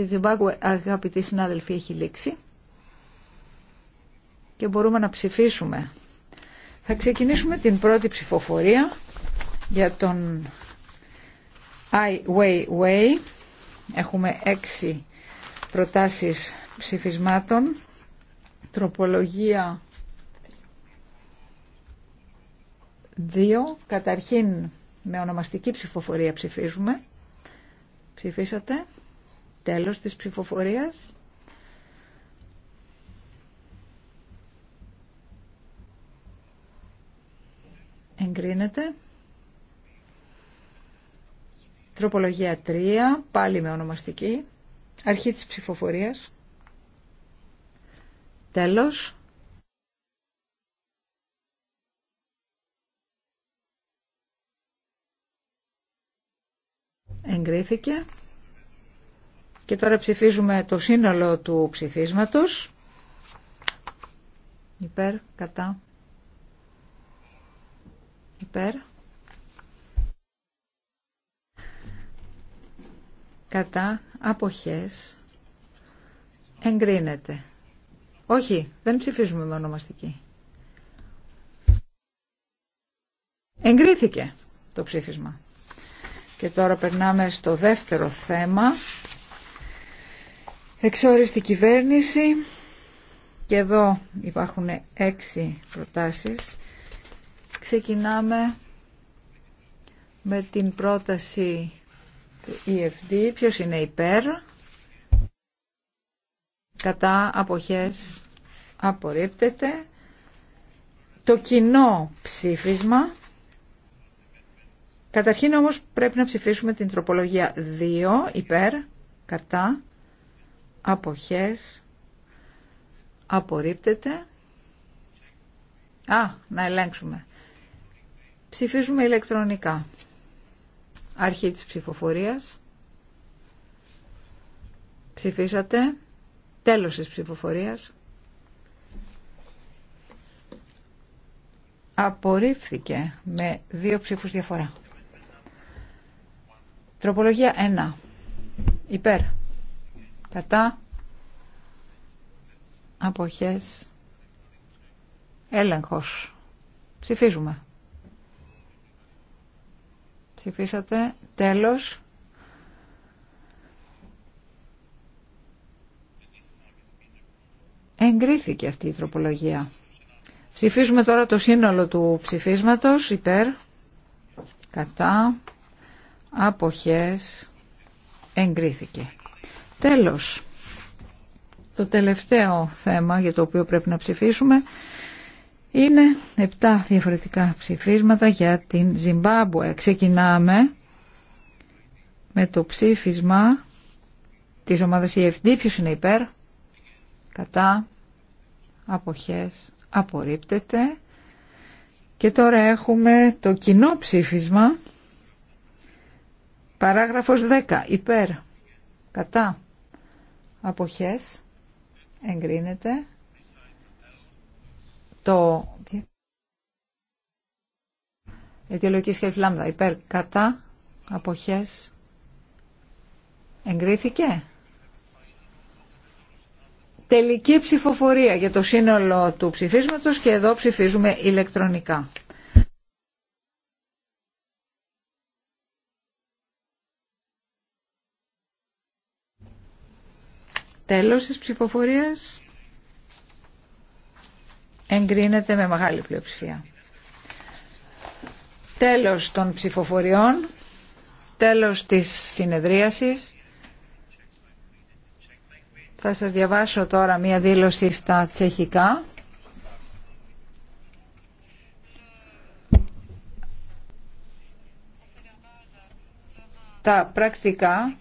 στη Ζιμπάγκου αγαπητοί συνάδελφοι έχει λήξει και μπορούμε να ψηφίσουμε. Θα ξεκινήσουμε την πρώτη ψηφοφορία για τον Ai Weiwei. Έχουμε έξι προτάσεις ψηφισμάτων. Τροπολογία 2. Καταρχήν με ονομαστική ψηφοφορία ψηφίζουμε. Ψηφίσατε. Τέλος της ψηφοφορίας. Εγκρίνεται. Τροπολογία 3, πάλι με ονομαστική. Αρχή της ψηφοφορίας. Τέλος. Εγκρίθηκε. Και τώρα ψηφίζουμε το σύνολο του ψηφίσματος. Υπέρ, κατά. Υπέρ. Κατά αποχές εγκρίνεται. Όχι, δεν ψηφίζουμε με ονομαστική. Εγκρίθηκε το ψήφισμα. Και τώρα περνάμε στο δεύτερο θέμα. Εξόριστη κυβέρνηση και εδώ υπάρχουν έξι προτάσεις. Ξεκινάμε με την πρόταση του EFD. Ποιος είναι υπέρ, κατά αποχές απορρίπτεται. Το κοινό ψήφισμα. Καταρχήν όμως πρέπει να ψηφίσουμε την τροπολογία 2 υπέρ, κατά αποχές απορρίπτεται α, να ελέγξουμε ψηφίζουμε ηλεκτρονικά αρχή της ψηφοφορίας ψηφίσατε τέλος της ψηφοφορίας απορρίφθηκε με δύο ψήφους διαφορά τροπολογία 1 υπέρ κατά αποχές έλεγχος ψηφίζουμε ψηφίσατε τέλος εγκρίθηκε αυτή η τροπολογία ψηφίζουμε τώρα το σύνολο του ψηφίσματος υπέρ κατά αποχές εγκρίθηκε Τέλος, το τελευταίο θέμα για το οποίο πρέπει να ψηφίσουμε είναι 7 διαφορετικά ψηφίσματα για την Ζιμπάμπουε. Ξεκινάμε με το ψήφισμα της ομάδας EFD. Ποιος είναι υπέρ, κατά, αποχές, απορρίπτεται. Και τώρα έχουμε το κοινό ψήφισμα, παράγραφος 10, υπέρ, κατά, αποχές εγκρίνεται το αιτιολογική σχέση λάμδα υπέρ κατά αποχές εγκρίθηκε τελική ψηφοφορία για το σύνολο του ψηφίσματος και εδώ ψηφίζουμε ηλεκτρονικά Τέλος της ψηφοφορίας εγκρίνεται με μεγάλη πλειοψηφία. Τέλος των ψηφοφοριών, τέλος της συνεδρίασης. Θα σας διαβάσω τώρα μία δήλωση στα τσεχικά. Τα πρακτικά